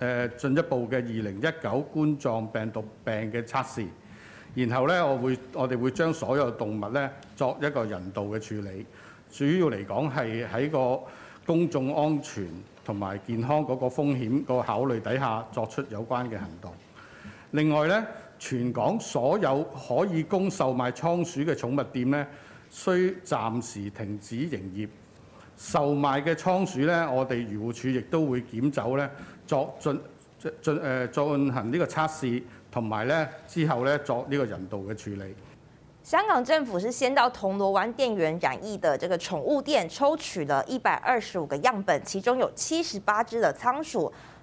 誒進一步嘅二零一九冠狀病毒病嘅測試，然後咧，我會我哋會將所有動物咧作一個人道嘅處理。主要嚟講係喺個公眾安全同埋健康嗰個風險個考慮底下作出有關嘅行動。另外咧，全港所有可以供售賣倉鼠嘅寵物店咧，需暫時停止營業。售賣嘅倉鼠咧，我哋漁護署亦都會檢走咧，作進進、呃、進行呢個測試，同埋咧之後咧作呢個人道嘅處理。香港政府是先到銅鑼灣店員染疫的這個寵物店抽取了一百二十五個樣本，其中有七十八隻的倉鼠。